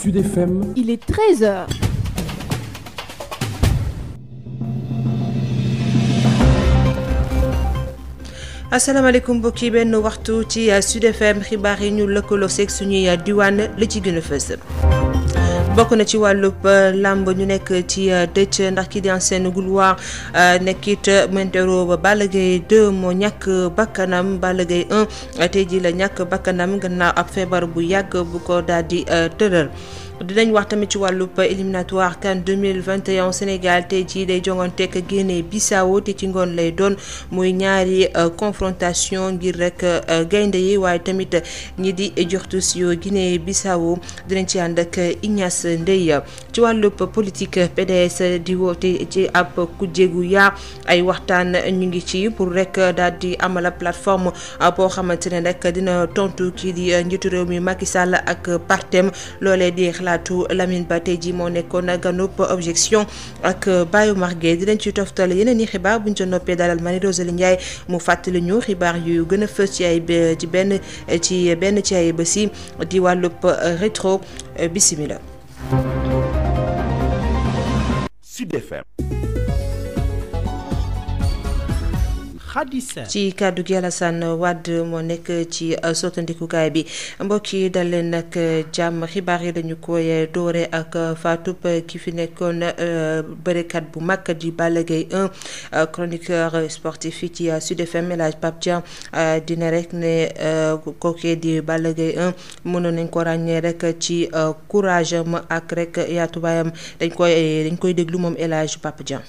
Sud Il est 13h. asalaamaaleykum mbokk yi benn waxtu ci Sud FM xibaar yi ñu lëkkaloo suñu yaa diwaan li ci gën a bokk na ci wàllub euh, làmb ñu nekk ci euh, dëcc ndax ki di ancienne gloire euh, nekkit mentero ba Balla Gaye 2 moo ñàkk bakkanam Balla Gaye 1 tey ji la ñàkk bakkanam gannaaw ab feebar bu yàgg bu ko daal di tëral dinañ wax tamit ci wàllu wàllub éliminatoire CAN 2021 Sénégal tey jii day jongante ak Guinée Bissau te ci ngoon lay doon muy ñaari euh, confrontation ngir rek euh, gaynde yi waaye tamit ñi di joxtus yo Guinée Bissau dinañ ci ànd ak Ignace Ndeye ci wàllub politique di woote ci ab kujjéegu yaa ay waxtaan ñu ngi ci pour rek daal di amala plateforme boo xamante ne rek dina tontu kii di njiitu réew mi Macky Sall ak partem loole di xalaatu Lamine Ba tey ji moo nekkoon ganub objection ak Bayo Margué dinañ ci toftal yeneen i xibaar buñ ca noppee dalal Marie Rosalie Ndiaye mu fàttali ñu xibaar yu gën a fës ci ay ci benn ci benn ci ay bés di wàllub rétro bisimila Sud FM ci kàddu gi Alassane Wade moo nekk ci euh, sottandikukaay bi mbokk yi dal leen nag euh, jàmm xibaar yi dañu koy doore ak euh, faatu ki fi nekkoon bërekat bu mag di Balla un 1 chroniqueur sportif fii ci Sud FM El Hadj Pape Dia dina rek ne kookee di Balla un 1 mënoon nañ ko ràññee rek ci courage am ak rek yaatubaayam dañ koy dañ koy déglu moom El Hadj Pape Dia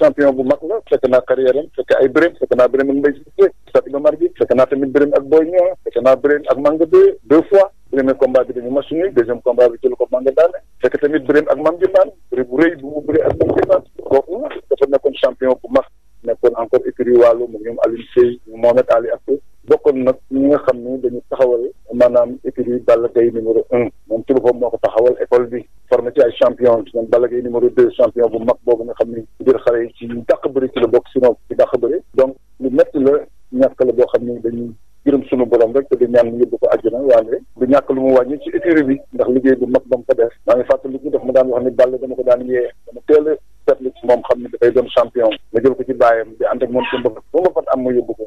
champion bu mag la fekk naa carrière am fekk ay bëreem fekk naa bëreem ak Mbaye Cissé Stade Iba Mar Diop fekk naa tamit bëreem ak Boy Niang fekk naa bëreem ak Manga deux deux fois premier combat bi dañu machine yi deuxième combat bi jël ko Manga daane fekk tamit bëreem ak Mame Dimbane bëri bu rëy bu mu bëri ak Mame Dimbane kooku dafa nekkoon champion bu mag nekkoon encore écurie wàllu mu ñoom Alioune Seye Mohamed Ali ak bokkoon nag ñi nga xam ne dañu taxawal maanaam écurie Balla Gaye numéro un moom ci boppam moo ko taxawal école bi formé ci ay champion moom Balla Gaye numéro deux champion bu mag boobu nga xam ni biir xale yi ci dàq bëri ci bokk sinon ci dàq bëri donc lu métti la boo xam ne dañuy gërëm sunu borom rek te di ñaan yóbbu ko àjjana waane du ñàkk lu mu wàññi ci écurie bi ndax liggéey bu mag ba mu ko def maa ngi fàttaliku daf ma daan wax ni Balla dama ko daan yee dama teel a seetlu ci moom xam ne dafay doon champion ma jël ko ci bàyyam di am ma yóbbu ko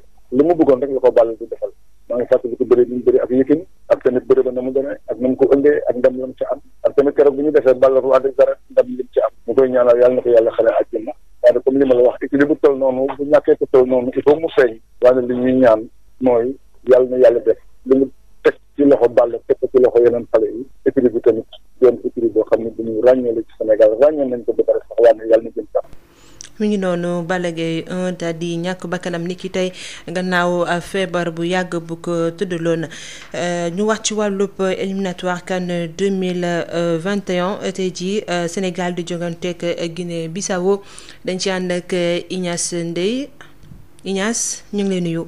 bëggoon rek la ko Balla di defal maa ngi fàttali ko bëri ba na mu demee ak na mu ko ëndee ak ndam la mu am ak tamit keroog bi ñu defee Balla roi des arènes ndam li ci am mu koy ñaanal yàlla na ko yàlla xale àjjana waaye comme li ma la wax équilibre bu toll noonu bu ñàkkee ko toll noonu il faut mu feeñ waaye li ñuy ñaan mooy yàlla na yàlla def li mu teg ci loxo Balla teg ci loxo yeneen xale yi équilibre bi tamit doon équilibre boo xam ne bu ñu ràññee la mu ngi noonu Balla Gaye di ñàkk bakkanam ni ki tey gannaaw euh, feebar bu yàgg bu ko tuddaloon euh, ñu wax ci wàllub éliminatoire CAN 2021 euh, tey jii Sénégal di joganteeg Guinée Bissau dañ ci ànd ak Ignace Ndeye Ignace ñu ngi lay nuyu.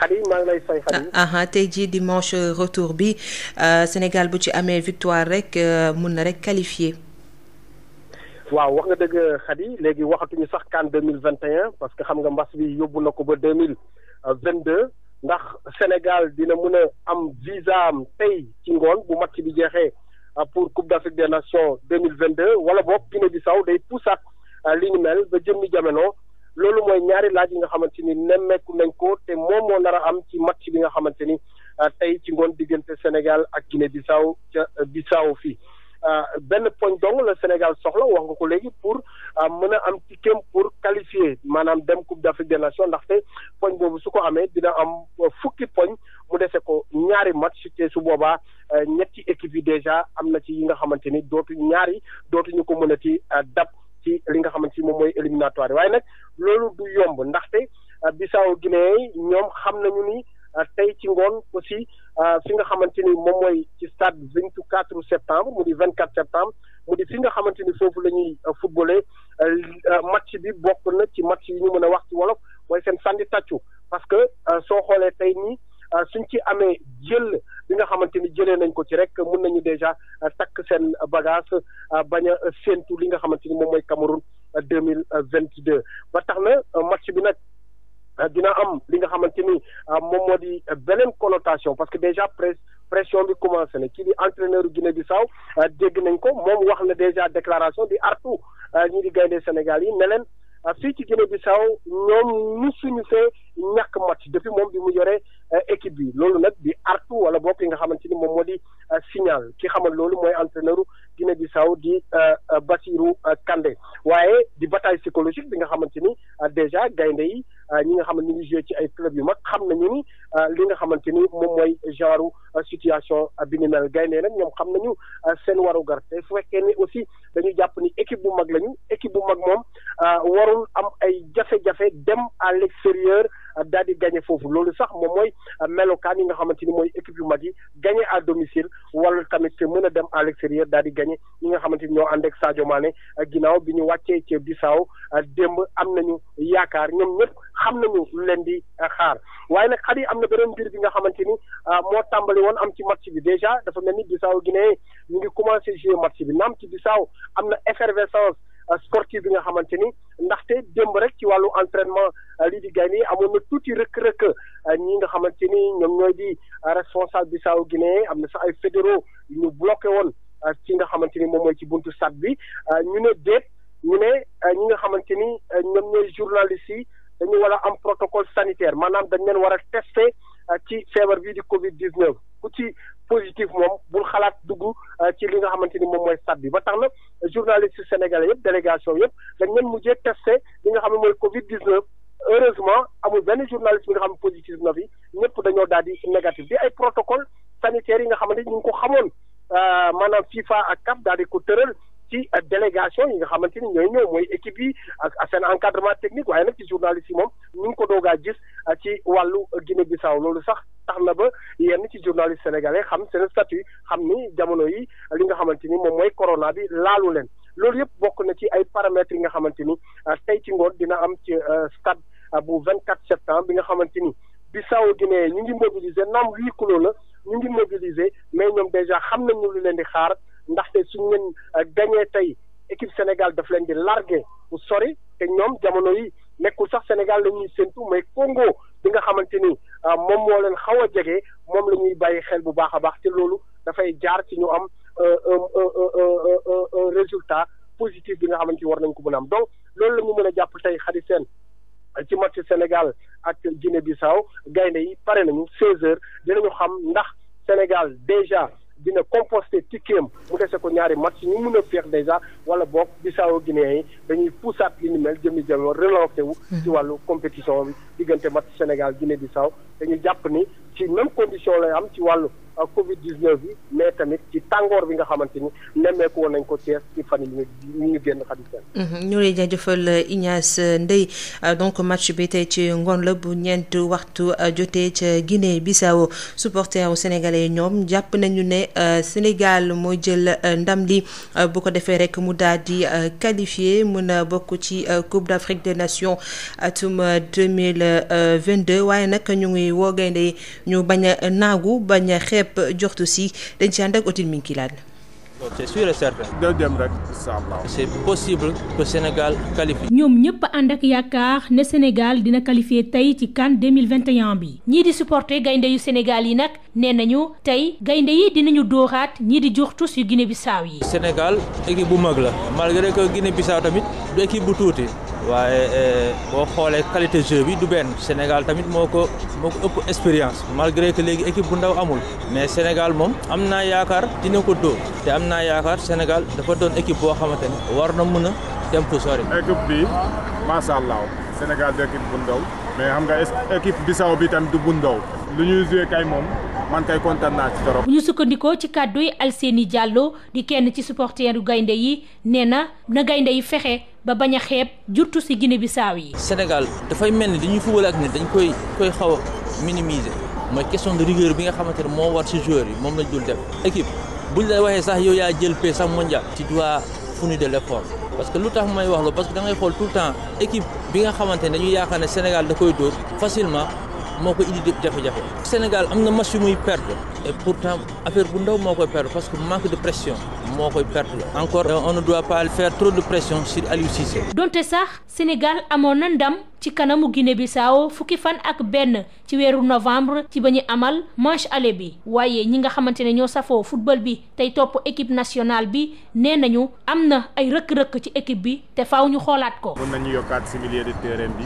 Xadi ah, maa ngi ah, ah, tey jii dimanche retour bi Sénégal bu ci amee victoire rek mun na rek qualifié. waaw wax nga dëgg Khady léegi waxatuñu sax CAN deux mille vingt et un parce que xam nga mbas bi yóbbu na ko ba deux mille vingt deux ndax Sénégal dina mën a am visa am tey ci ngoon bu match bi jeexee euh, pour Coupe d'Afrique des Nations deux mille vingt deux wala boog Guinée-Bissau day pusaat euh, li ñu mel ba jëmmi jamono loolu mooy ñaari laaj yi nga xamante ni nemmeeku nañ ko te moom moo nar am ci match bi nga xamante ni euh, tey ci ngoon diggante Sénégal ak Guinée-Bissau ca Bissau fii. Euh, benn poñ dong la Sénégal soxla wax nga ko léegi pour euh, mën a am ticket pour qualifier maanaam dem Coupe d'Afrique des Nations ndaxte poñ boobu su ko amee dina am euh, fukki poñ mu dese ko ñaari match te su boobaa ñetti équipe yi déjà am na ci yi nga xamante ni dootu ñaari dootuñu ko mën a ci dab ci li nga xamante ni moom mooy éliminatoire waaye nag loolu du yomb ndaxte Bissau Guinée ñoom xam nañu ni Euh, tey ci ngoon aussi euh, fi nga xamante ni moom mooy ci stade vingt quatre septembre mu di vingt quatre septembre mu di fi nga xamante ni foofu la ñuy euh, footballé match bi bokk na ci match yi ñu mën a wax ci wolof mooy seen sànni tàccu parce que soo xoolee tey nii suñ ci amee jël li nga xamante ni jëlee nañ ko ci rek mun nañu déjà takk seen bagage bañ a séentu li nga xamante ni moom mooy Cameroun deux mille vingt deux ba tax na match bi nag. Euh, dina am li nga xamante ni euh, moom moo di euh, beneen connotation parce que déjà presse pression bi commencé na kii di entraîneur Guinée Bissau dégg nañ ko moom wax na déjà déclaration di artu ñi di gaynde Sénégal yi ne leen Euh, fii ci Guinée Bissau ñoom suñu fee ñàkk mat depuis moom bi mu yore euh, équipe bi loolu nag di artu wala bokk yi nga xamante ni moom moo di euh, signal ki xamal loolu mooy entraîneur Guinée Bissau di Basirou kande waaye di bataille psychologique bi nga xamante ni déjà gaynde yi ñi nga xam ne ñu ngi joué ci ay club yu mag xam ñu ni li nga xamante ni moom mooy genre situation bi ni mel gaynde nag ñoom xam nañu seen warugar te fu fekkee ni aussi dañu jàpp ni équipe bu mag lañu équipe bu mag moom Euh, warul am ay jafe-jafe dem à l'extérieur euh, daal di gagné foofu loolu sax moom mooy euh, melokaan yi nga xamante ni mooy équipe yu mag yi gagné à domicile wala tamit mën a dem à l'extérieur daal di gagné ñi nga xamante ni ñoo ànd ak Sadio Mané ginnaaw bi ñu wàccee ci Bissau démb am nañu yaakaar ñoom ñëpp xam nañu leen di xaar waaye nag xar am na beneen mbir bi nga xamante ni moo tàmbali woon am ci match bi déjà dafa mel ni Bissau Guinée ñu ngi commencé jouer match bi naam ci Bissau am na effervescence sportive bi nga xamante ni ndaxte démb rek ci wàllu entraînement euh, lii di gaynde yi amoon na tuuti rëkk-rëkk euh, ñi nga xamante ni ñoom ñooy di euh, responsable Bissau Guinée am na sax ay fédéraux ñu bloqué woon ci nga xamante ni moom mooy ci buntu stade bi ñu ne déet ñu ne ñi nga xamante ni ñoom ñooy journalistes si dañu war a am protocole sanitaire maanaam dañ leen war a testé ci feebar bii di Covid 19 ku ci positif moom bul xalaat dugg. Euh, ci li nga xamante ni moom mooy stade bi ba tax na journaliste sénégalais yëpp délégation yëpp dañ leen mujjee testé li nga xam ne mooy Covid 19. heureusement amul benn journaliste bi nga xam ne daal di négatif di ay protocole yi nga xamante ni ñu ngi ko xamoon euh, maanaam FIFA ak CAF daal ko tëral. ci délégation yi nga xamante ni ñooy ñëw mooy équipe yi ak seen encadrement technique waaye nag ci journaliste yi moom ñu ngi ko doog a gis ci wàllu Guinée Bissau loolu sax tax na ba yenn ci journaliste sénégalais xam seen statut xam ni jamono yi li nga xamante ni moom mooy corona bi laalu leen loolu yëpp bokk na ci ay paramètres yi nga xamante ni euh, tey ci ngoon dina am ci euh, stade euh, bu 24 septembre bi nga xamante ni Bissau Guinée ñu ngi mobiliser naam huis clos la ñu ngi mobiliser mais ñoom déjà xam nañu lu leen di xaar ndaxte suñu leen gagné tey équipe Sénégal daf leen di largué bu sori ñoom jamono yi. nekkul sax Sénégal la ñuy séntu mais bi nga xamante ni euh, moom moo leen xaw a jege moom la ñuy bàyyi xel bu baax a baax te loolu dafay jaar ci ñu am un euh, euh, résultat positif bi nga xamante ni war nañ ko mën am donc loolu la ñu mën a jàpp tey xadi seen ci match Sénégal ak Guinée Bissau gaynde yi pare nañu 16 heures dinañu xam ndax Sénégal déjà dina composté tikkeem mu dese ko ñaari match ñu mun a feex dèjà wala book Bissau Guinéen yi dañuy puusaat li ni mel jëmi jëm relancé wu. Mhm. ci wàllu compétition bi diggante match Sénégal Guinée Bissau dañu jàpp ni ci même condition lay am ci wàllu. Covid 19 bi mais tamit ci tàngoor bi nga xamante ni nemmeeku woon nañ ko Thiès ci fan yii ñu ñu génn ñoo seen. Mhm. ñu lay jaajëfal Ignace Ndeye euh, donc match bi tey ci ngoon la bu ñeent waxtu euh, jotee ca Guinée Bissau supporters yu sénégalais ñoom jàpp nañu ne euh, Sénégal mooy jël ndam li bu ko defee rek mu daal di qualifié mën a bokk ci Coupe d'Afrique de Nations atum 2022 waaye nag ñu ngi woo gaynde ñu bañ a naagu bañ a xeeb ceeb joxtu si dañ ci ànd ak Odile Minkilaan loolu c'est sûr et certain. doo dem possible que Sénégal qualifie. ñoom ñëpp ànd ak yaakaar ne Sénégal dina qualifié tey ci CAN 2021 bi. ñii di supporter gaynde yu Sénégal yi nag nee nañu tey gaynde yi dinañu dooraat ñii di joxtus yu Guinée-Bissau yi. Sénégal équipe bu mag la malgré que Guinée-Bissau tamit du équipe bu tuuti. waaye eh, boo xoolee qualité jeu bi du benn Sénégal tamit moo ko moo ko ëpp expérience malgré que léegi équipe bu ndaw amul mais Sénégal moom am naa yaakaar dina ko dóor te am naa yaakaar Sénégal dafa doon équipe boo xamante ne war na mën a dem fu sori. équipe bi macha allah Sénégal du équipe bu ndaw mais xam nga équipe Bissau bi tamit du bu ndaw lu ñuy joué kay moom. man kay kontaan naa ci torop bu ñu sukkandikoo ci kàddu yi Alseni Diallo di kenn ci supporteru gaynde yi nee na gaynde yi fexe ba bañ a xeeb jurtu ci Guinée Bissau yi. Sénégal dafay mel ni dañuy fubal ak nit dañ koy koy xaw a minimiser mooy question de rigueur bi nga xamante ne moo war ci joueurs yi moom la lañ dem def équipe buñ la waxee sax yow yaa jël paie sax mondial tu dois fournir de l'effort parce que lu tax may wax loolu parce que da ngay xool tout temps équipe bi nga xamante ne dañuy yaakaar ne Sénégal da koy dóor facilement. moo ko indi jafe-jafe Sénégal am na match yu muy perdre et pourtant affaire bu ndaw moo koy perdre parce que manque de pression moo koy perdre la encore euh, on ne doit faire trop de pression sur Aliou Cissé donte sax Sénégal amoon na ndam ci kanamu Guinée-Bissau fukki fan ak benn ci weeru novembre ci ba ñu amal match aller bi waaye ñi nga xamante ne ñoo safoo football bi tey topp équipe nationale bi nee nañu am na ay rëkk-rëkk ci équipe bi te faw ñu xoolaat ko. mën nañu yokkaat bi.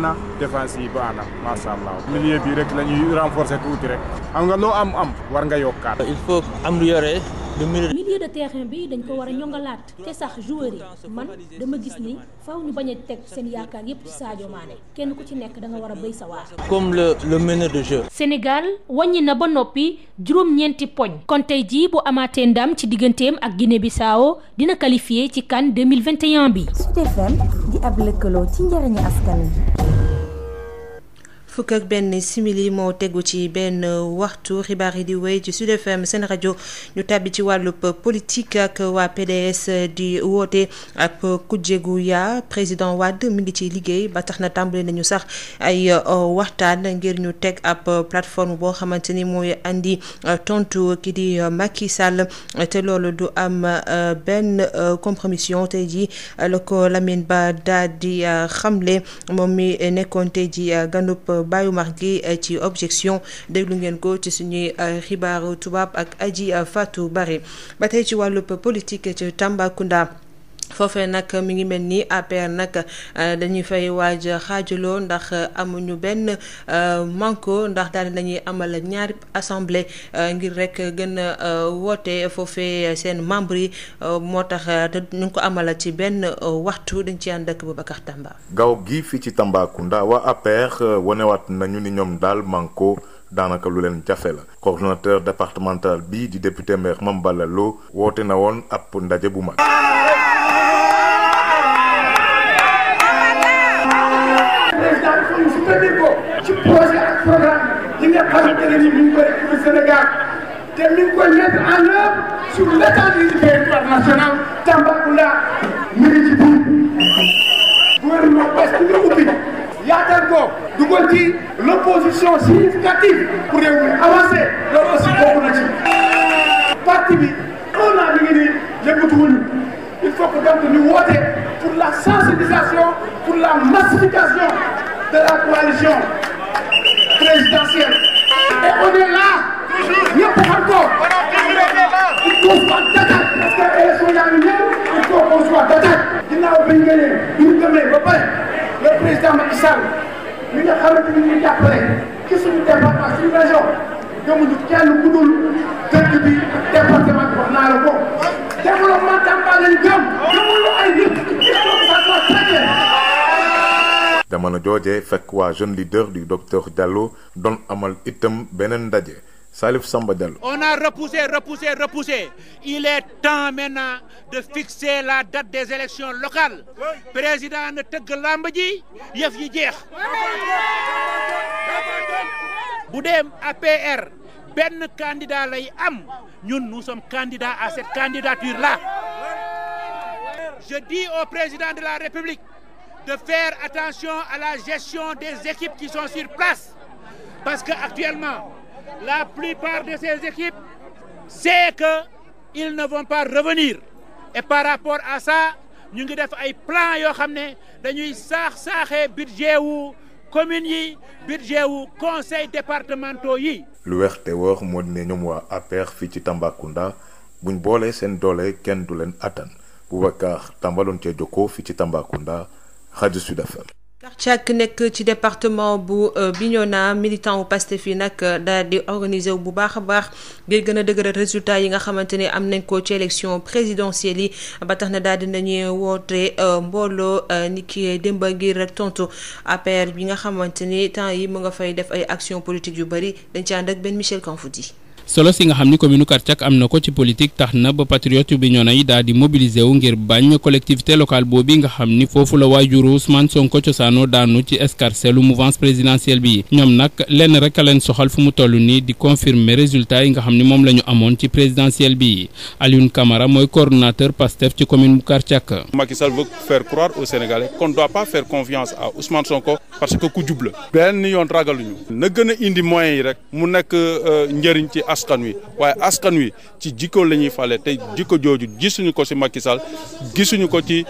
baax na défense yi baax na macha allah. milieu bi rek la ñuy renforcer tuuti rek. xam nga loo am am war nga yokkaat. il faut am lu yore. milieu de terrain bi dañ ko war a ñongalaat sax joueur yi man dama gis ni faaw ñu bañ a teg seen yaakaar yépp ci Sadio Mané kenn ku ci nekk da nga war a béy sa waar. comme le le meneur de jeu. Sénégal wàññi na ba noppi juróom-ñeenti poñ kon tey jii bu amaatee ndam ci digganteem ak Guinée-Bissau dina qualifié ci CAN 2021 bi. Sud FM di ab lëkkaloo ci njëriñu askan wi. fukk ak benn simili moo tegu ci benn waxtu xibaar yi di wéy ci Sud FM rajo ñu tàbbi ci wàllub politique ak waa PDS di woote ab kujje gu yaa président mi ngi ci liggéey ba tax na tàmbale nañu sax ay euh, waxtaan ngir ñu teg ab plateforme boo xamante ni mooy andi euh, tontu ki di euh, Macky Sall te loolu du am benn compromission tey ji la ko Lamine Ba daal xamle moom mi nekkoon tey jii ganub Baye Oumar Gueye eh, ci objection déglu ngeen ko ci suñuy eh, xibaaru tubaab ak aji Fatou Bare ba tey ci wàllub politique ci Tambacounda foofee nag mu ngi mel ni APR nag euh, dañuy fay waaj xaajaloo ndax euh, amuñu benn euh, manko ndax daal nañuy amal ñaari assemblée ngir rek gën a woote foofee seen membres yi moo tax te ñu ngi ko amal ci benn waxtu dañ ci ànd ak Boubacar Tamba. gaaw gi fii ci Tambacounda waa APR wanewaat nañu ni ñoom daal manko daanaka lu leen jafe la ko coordonnateur départemental bi di député maire Mame Balla woote na woon ab ndaje bu mag. stratégie bi ñu koy Sénégal te mi ngi koy mettre sur l' étendue du territoire national Tambacounda mi gouvernement parce que nga ubbi yaatal ko dugal ci significative pour réew mi avancer loolu aussi parti bi un a mi ngi nii il faut que donc ñu woote pour la sensibilisation pour la massification de la coalition. leen ba jooje fekk waa jeune leader du docteur Diallo doon amal itam beneen ndaje Salif Samba Diallo. On a repoussé, repoussé, repoussé. Il est temps maintenant de fixer la date des élections locales. Président na tëgg làmb ji yëf yi jeex. Bu dem APR benn candidat lay am ñun nous sommes candidats à cette candidature là. Je dis au président de la République de faire attention à la gestion des équipes qui sont sur place parce que actuellement la plupart de ces équipes c'est que ils ne vont pas revenir et par rapport à sa ñu ngi def ay plan yoo xam ne dañuy saax saaxee budget wu yi budget wu conseil départementaux yi lu weex te wóor moo di ne ñoom waa APR fii ci Tambacounda buñ boolee seen doole kenn du leen attan Boubacar tàmbaloon ca jokkoo fii ci Tambacounda rajo Sud FM quartier ak nekk ci département bu euh, Bignona militant wu Pastef yi nag euh, daal di organiser wu bu baax a baax ngir gën a dëgëral résultat yi nga xamante ne am nañ ko ci élection présidentielle yi ba tax na daal di nañuy woote euh, mbooloo ni ki démba ngir rek tontu APR bi nga xamante ni temps yi mu nga fay def ay action politique yu bëri dañ ci ànd ak benn Michel Kanfouti solo si nga xam ni commune Kartiack am na ko ci politique tax na ba patriote bi ñoo nay daal di mobiliser ngir bañ collectivité locale boobu nga xam ni foofu la waajuru Ousmane Sonko cosaano daanu ci escarcelle mouvance présidentielle bi ñoom nag lenn rek a leen soxal fu mu toll nii di confirmer résultat yi nga xam ni moom la ñu amoon ci présidentielle bi Alioune Camara mooy coordonnateur PASTEF ci commune bu Kartiack. Macky Sall veut faire croire aux Sénégalais qu'on ne doit parce que ku jub la benn yoon a askan wi waaye askan wi ci jikko la ñuy fale te jikko jooju gisuñu ko ci Macky Sall gisuñu ko ci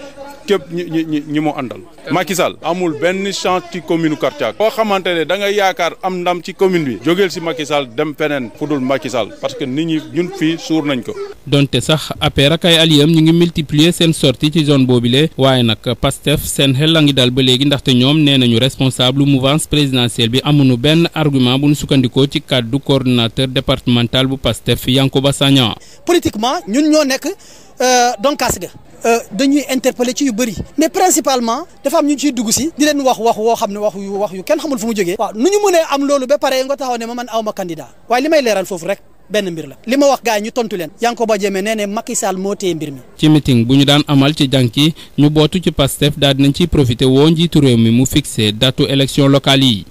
képp ñi ñi ñi mu àndal. Macky amul benn chance ci commune Kartiack. boo xamante ne da nga yaakaar am ndam ci commune bi. jógeel si Macky Sall dem feneen fu dul Macky Sall parce que nit ñi ñun fii suur nañ ko. donte sax APR ak ay alliés ñu ngi multiplier seen sortie ci zone boobule waaye nag Pastef seen xel la ngi daal ba léegi ndaxte ñoom nee nañu responsable mouvance présidentielle bi amuñu benn argument bu ñu sukkandikoo ci kàddu coordonnateur département. départemental bu PASTEF Yankuba Sagna. politiquement ñun ñoo nekk euh, donkaas ga euh, dañuy interpeller ci yu bëri mais principalement dafa am ñu ciy dugg si di leen wax wax woo xam ne wax yu wax yu kenn xamul fu mu jógee. waaw nu ñu mënee am loolu ba pare nga taxaw ne ma man aw ma candidat waaye li may leeral foofu rek. benn mbir la li ma wax gars yi ñu tontu leen. Yankoba Diémé nee ne Macky Sall moo téye mbir mi. ci meeting bu ñu daan amal ci jànki ñu bootu ci Pastef daal dinañ ciy profité woo mi mu fixé datu élection locale yi.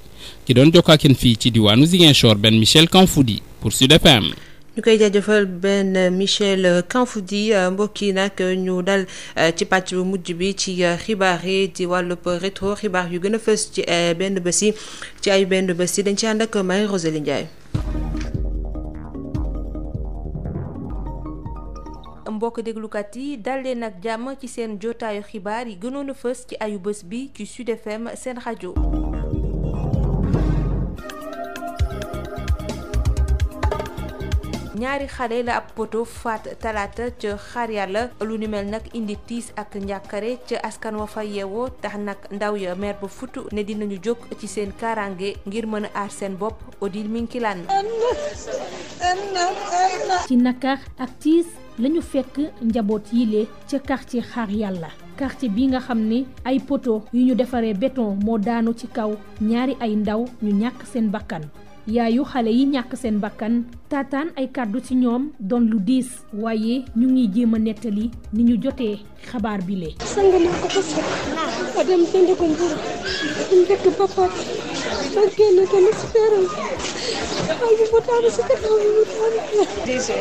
ki doon jokkoo ak yéen fii ci diwaanu Ziguinchor benn Michel Kanfoudi pour Sud FM. ñu koy jaajëfal benn Michel Kanfoudi mbokk yi nag ñu dal eh, ci pàcc bu mujj bi ci eh, xibaar yi di wàllub rétro xibaar yu gën a fës ci eh, benn bés ci ay benn bés yi dañ ci ànd ak Marie Rosalie Ndiaye. mbokk déglukat yi dal nag jàmm ci seen jotaayu xibaar yi gënoon a fës ci ayu bës bi ci Sud FM seen rajo. ñaari xale la ab poto faat talaata ca xaar yàlla lu ni mel nag indi tiis ak njàkkare ca askan wa fa yeewoo tax nag ndaw ya maire ba futu ne dinañu jóg ci seen kaaraange ngir mën a aar seen bopp Odile Minkilaan ci nakar ak tiis lañu fekk njaboot yile ca ci xaar yàlla ci bi nga xam ni ay poto yu ñu defaree beton moo daanu ci kaw ñaari ay ndaw ñu ñàkk seen bakkan yaayu xale yi ñàkk seen bakkan taataan ay kàddu ci ñoom doon lu diis waaye ñu ngi jéem a nettali ni ñu jotee xabaar bi lee በጌነ ተመስገን አይ ቦታ ምስክር ነው Terima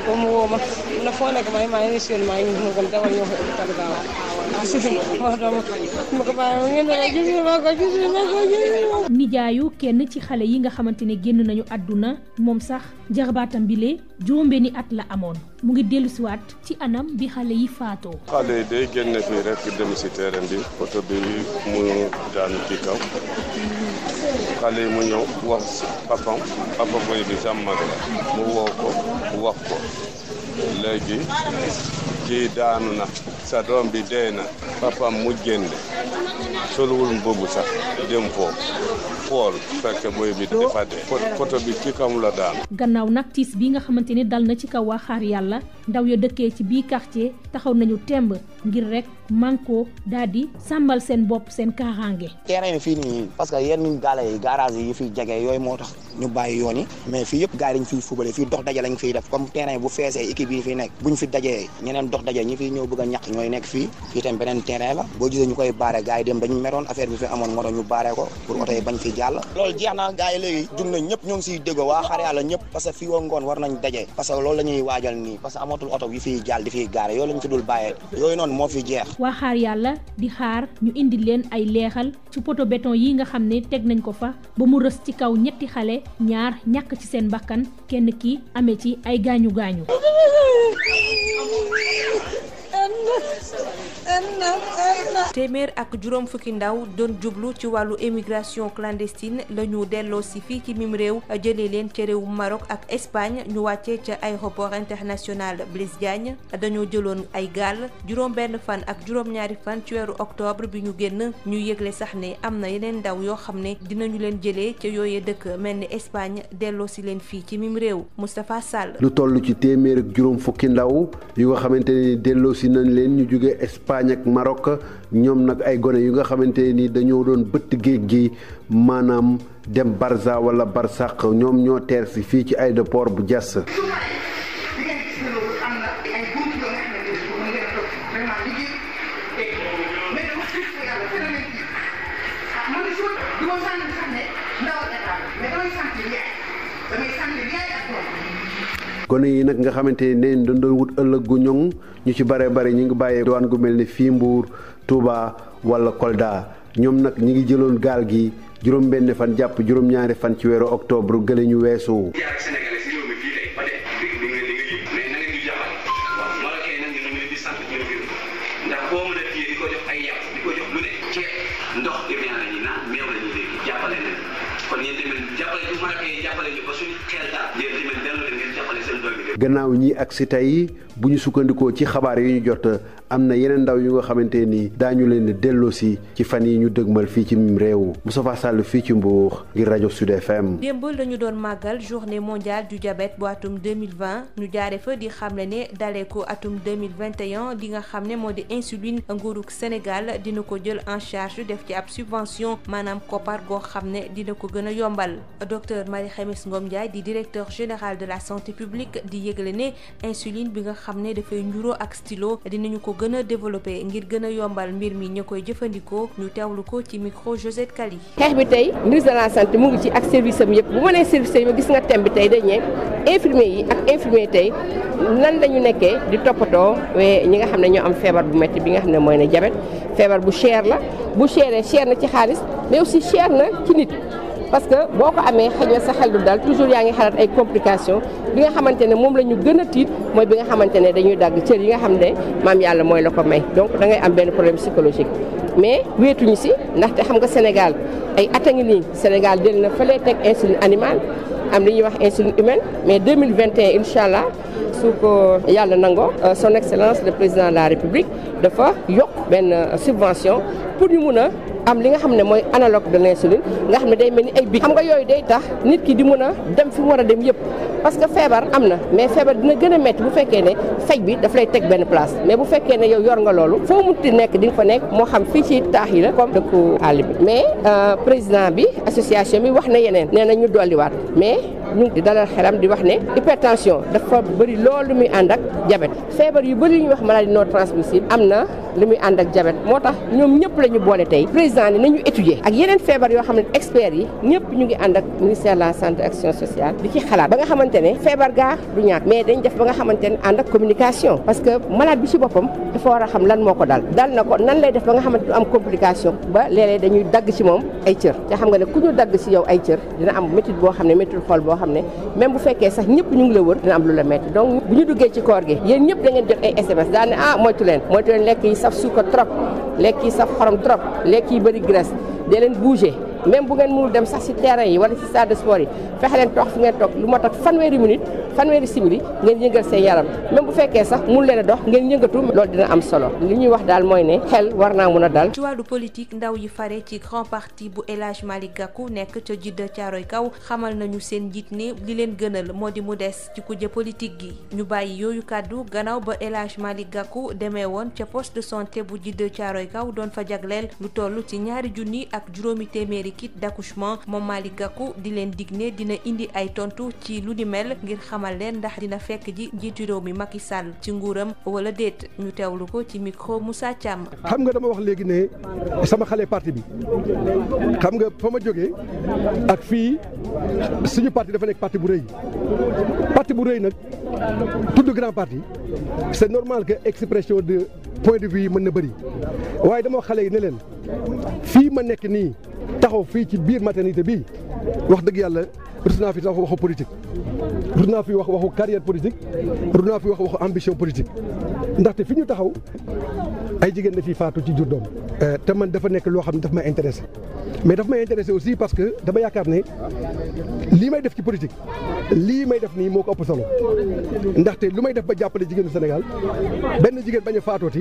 kasih. mu ne foo nekk ma ne maa nijaayu kenn ci xale yi nga xamante ne génn nañu àdduna moom sax jarbaatam bile juróom-benni at la amoon mu ngi dellusiwaat ci anam bi xale yi faatoo. xale yi day génn fii rek dem si terrain bi oto bi mu daanu ci kaw xale yi mu ñëw wax papam papa boy bi sàmm mu woo ko wax ko. léegi kii daanu na sa doom bi dee na papam mu génne solwul mbubb sax dem foofu xool fekk booy bi dafa dee foto bi ci kam la daanu gannaaw nag tiis bi nga xamante ni dal na ci kaw waa Xaar Yàlla ndaw ya dëkkee ci bii quartier taxaw nañu temb ngir rek manko daal sàmbal seen bopp seen kaaraange. terrain fii nii parce que yenn gaale yi garage yi fi jege yooyu moo tax ñu bàyyi yoon yi mais fii yëpp gaari yi ñu fiy fubale fii dox koy baare gars dem dañu meroon affaire bi fi amoon moo tax ñu baare ko pour oto yi bañ fi jàll loolu jeex na gars yi léegi nañ ñëpp ñoo ngi siy waa xar yàlla ñëpp parce que fii woo war nañ daje parce que loolu la waajal nii parce que amatul oto yi fiy jàll di fiy gaare fi dul bàyyee yooyu noonu moo fi jeex. waa xaar yàlla di xaar ñu indi leen ay leexal ci poto béton yi nga xam ne teg nañ ko fa ba mu rës ci kaw ñetti xale ñaar ñàkk ci seen bàkkan kenn ki ame ci ay gaañu gaañu. téeméer ak juróom fukki ndaw doon jublu ci wàllu émigration clandestine la ñu delloo si fii ci mim réew jëlee leen ca réewu ak Espagne ñu wàccee ca aéroport international Blaise Diagne dañoo jëloon ay gaal juróom benn fan ak juróom ñaari fan ci weeru octobre bi ñu génn ñu yëgle sax ne am na yeneen ndaw yoo xam ne dinañu leen jëlee ca yooyee dëkk mel ni Espagne delloo si leen fii ci mim réew Moustapha Sall. lu toll ci téeméer juróom fukki ndaw yu leen ñu jóge Espagne ak Maroc ñoom nag ay gone yu nga xamante ni dañoo doon bëtt géej gi maanaam dem Barça wala Barsaq ñoom ñoo teer si fii ci aéroport bu Diass gone yi nag nga xamante ne dañ doon wut ëllëg gu ñoŋ ñu ci bare bare ñu ngi bàyyee diwaan gu mel ni fii Mbuur Touba walla Kolda ñoom nag ñi ngi jëloon gaal gi juróom benn fan jàpp juróom-ñaari fan ci weeru octobre gële ñu weesu gannaaw ñi agsi si tey bu ñu sukkandikoo ci xabaar yi ñu jot am na yeneen ndaw yu nga xamante ni daañu leen delloosi ci fan yi ñu dëgmal fii ci mim réew Moustapha Sall fii ci Mbour ngir rajo Sud FM. démb lañu doon màggal journée mondiale du diabète bu atum 2020 ñu jaare fa di xamle ne daleeku atum 2021 li nga xam ne moo di insulin nguurug Sénégal dina ko jël en def ci ab subvention maanaam koppar goo xam ne dina ko gën a yombal docteur Marie Xemes Ngom Ndiaye di directeur général de la santé publique di yëgle ne insuline bi nga xam ne dafay njuroo ak stylo dinañu ko gën a développé ngir gën a yombal mbir mi ñu koy jëfandikoo ñu teewlu ko ci micro Josette Kali. xeex bi tey ministre de mu ngi ci ak service am yëpp bu ma nee service gis nga thème bi tey dañ ne infirmier yi ak infirmier tey nan lañu nekkee di toppatoo mais ñi nga xam ne ñoo am feebar bu métti bi nga xam ne mooy ne jabet feebar bu cher la bu chéré cher na ci xaalis mais aussi cher na ci nit. parce que boo ko amee xëy na sa xel daal toujours yaa ngi xalaat ay complications bi nga xamante ne moom la ñu gën a tiit mooy bi nga xamante ne dañuy dagg cër yi nga xam ne maam yàlla mooy la ko may donc dangay am benn problème psychologique. mais wéetuñu si ndaxte xam nga Sénégal ay at a ngi nii Sénégal jël na fële teg insuline animale am li ñuy wax insuline humaine mais 2021 incha allah su ko yàlla nangoo euh, son excellence le président de la république dafa yokk benn euh, subvention. pour ñu mun a am li nga xam ne mooy analogue de l'insuline nga xam ne day mel ni ay bii xam nga yooyu day tax nit ki di mun a dem fi mu war a dem yëpp parce que feebar am na mais feebar dina gën a métti bu fekkee ne faj bi daf lay teg benn place mais bu fekkee ne yow yor nga loolu foo munti nekk di nga fa nekk moo xam fii ci taax yi la comme dëkku àll bi mais euh, président bi association bi wax na yeneen nee na ñu dolliwaat mais ñu di dalal xelam di wax ne hypertension dafa bëri loolu lu muy ànd ak diabète feebar yu bëri yu ñuy wax maladie non transmissible am na lu muy ànd ak diabète moo tax ñoom ñëpp la ñu boole tey président ne nañu étudier ak yeneen feebar yoo xam ne experts yi ñëpp ñu ngi ànd ak la santé action sociale di ci xalaat ba nga xamante ne feebar gaa du ñàkk mais dañ def ba nga xamante ne ànd communication parce que malade bi ci boppam dafa a xam lan moo ko dal dal na ko nan lay def ba nga xamante du am complication ba léeg-léeg dañuy dagg ci moom ay cër te xam nga ne ku ñu dagg ci yow ay cër dina am métit boo xam ne métit xool boo xam ne même bu fekkee sax ñëpp ñu ngi la wër dina am lu la metti donc bu ñu duggee ci koor gi yéen ñëpp da ngeen jot ay SMS daal ne ah moytu leen moytu leen lekk yi saf suukar trop lekk yi saf xorom trop lekk yi bëri graisse de leen bouger même bu ngeen mënul dem sax si terrain yi wala si stade de sport yi fexe leen toog fi ngeen toog lu mot ak fanweeri minute fanweeri simili ngeen yëngal seen yaram même bu fekkee sax mun leen a dox ngeen yëngatu loolu dina am solo li ñuy wax daal mooy ne xel war naa mun a dal. ci wàllu politique ndaw yi fare ci grand parti bu El Hadj Malick Gakou nekk ca Jidda Caaroy kaw xamal nañu seen njiit ni li leen gënal moo di mu des ci kujje politique gi ñu bàyyi yooyu kàddu gannaaw ba El Hadj Malick demee woon ca poste de santé bu Jidda Caaroy kaw doon fa jagleel lu toll ci ñaari junni ak juróomi téeméeri di kit d'accouchement moom Malick Gakou di leen dig ne dina indi ay tontu ci lu ni mel ngir xamal leen ndax dina fekk ji njiitu réew mi Macky Sall ci nguuram wala déet ñu teew teewlu ko ci micro Moussa Thiam. xam nga dama wax léegi ne sama xale parti bi xam nga fa ma jógee ak fii suñu parti dafa nekk parti bu rëy parti bu rëy nag tudd grand parti c'est normal que expression de point de vue yi mën na bëri waaye dama wax xale yi ne leen fii ma nekk nii. taxaw fii ci biir maternité bii wax dëgg yàlla rus naa fi waxu politique. rus naa fi wax waxu carrière politique rus fi wax waxu ambition politique ndaxte fi ñu taxaw ay jigéen da ciy faatu ci jur doom euh, te man dafa nekk loo xam ne daf may intéressé. mais daf may intéressé aussi parce que dama yaakaar ne lii may def ci politique lii may def nii moo ko ëpp solo ndaxte lu may def ba jàppale jigéenu Sénégal benn jigéen bañ a faatooti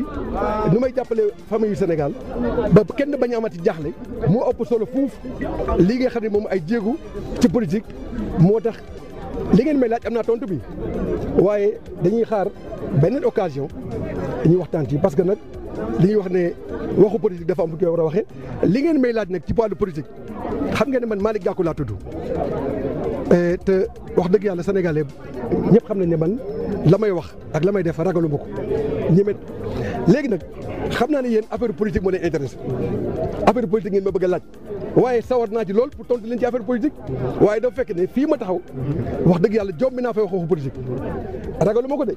lu may jàppale famille yu Sénégal ba kenn bañ a amati jaaxle moo ëpp solo fuuf lii nga xam ne moom ay jéegu ci politique moo tax li ngeen may laaj am naa tontu bi waaye dañuy xaar beneen occasion ñu waxtaan ci parce que nag. li dañuy wax ne waxu politique dafa am fu koy war a waxee li ngeen may laaj nag ci wàllu politique xam ngeen ne man Malick Gakou laa tudd eh, te wax dëgg yàlla sénégalais ñëpp xam nañ ne man la may wax ak la may def ragalu ma ko ñemet léegi nag xam naa ne yéen affaire politique moo leen intéressé affaire politique ngeen ma bëgg a laaj waaye sawar naa ci lool pour tontu leen ci affaire politique waaye dafa fekk ne fii ma taxaw wax dëgg yàlla jomb naa fay wax waxu politique ragalu ma ko de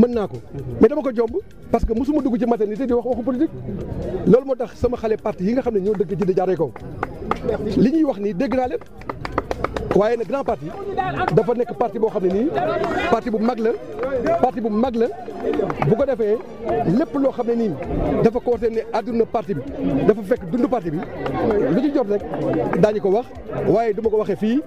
mën naa ko mais dama ko jomb parce que mosuma dugg ci maternité di wax waxu politique loolu moo tax sama xale parti yi nga xam ne ñoo dëkk ci di jaaree kaw li ñuy wax nii dégg naa leen waaye nag grand parti dafa nekk parti boo xam ne nii parti bu mag la parti bu mag la bu ko defee lépp loo xam ne nii dafa concerné àdduna parti bi dafa fekk dund parti bi lu ci jot rek daañu ko wax waaye du ma ko waxee fii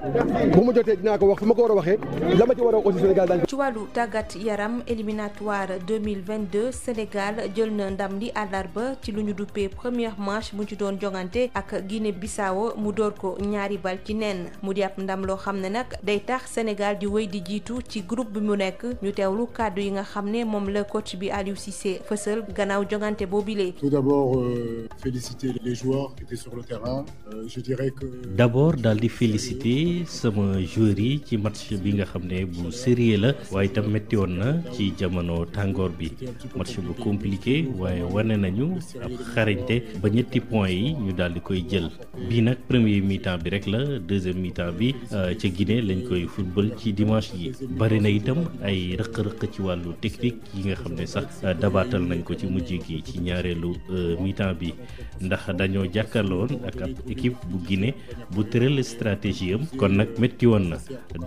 bu ma jotee dinaa ko wax fi ma ko war a waxee la ma ci war a aussi Sénégal daañu ci wàllu tàggat yaram éliminatoire 2022 Sénégal jël na ndam li àllarba ci lu ñu duppee première manche bu ci doon jongante ak Guinée Bissau mu door ko ñaari bal ci neen mu ab ndam loo xam ne nag day tax Sénégal di wéy di jiitu ci groupe bi mu nekk ñu teewlu kàddu yi nga xam ne moom la coach bi Aliou Cissé fësal gannaaw jongante boobile. tout d'abord euh, féliciter les joueurs qui étaient sur le terrain euh, daal di féliciter sama joueurs yi ci match bi nga xam ne bu sérieux la waaye itam métti woon na ci jamono tàngoor bi match bu compliqué waaye wane nañu ab xarañte ba ñetti points yi ñu daal di koy jël bii nag premier mi bi rek la deuxième mi-temps bi euh, ca Guinée lañ koy football ci dimanche yi bari na itam ay rëq-rëq ci wàllu technique yi nga xam ne sax euh, dabaatal nañ ko ci mujj gi ci ñaareelu euh, mi bi ndax dañoo jàkkaarloon ak ab équipe bu Guinée bu tëral stratégie am kon nag métti woon na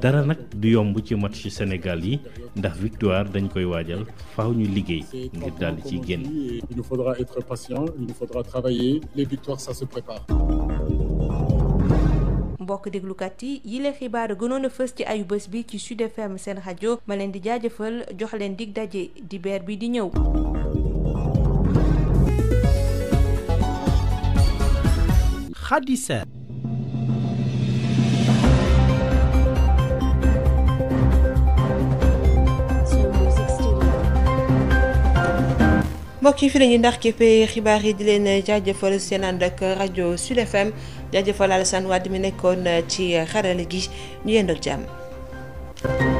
dara nag du yomb ci match Sénégal yi ndax victoire dañ koy waajal faw ñu liggéey ngir daal di génn. bokk déglukat yi yile xibaar gënoon a fës ci ayu bés bi ci Sud FM seen rajo ma leen di jaajëfal jox leen dig daje dibeer bi di ñëw. mbokk yi fi la ndax képp xibaar yi di leen jaajëfal seen ànd rajo Sud FM jaajëfal Alassane Wade mi nekkoon ci xarala gi ñu yendoog jàmm.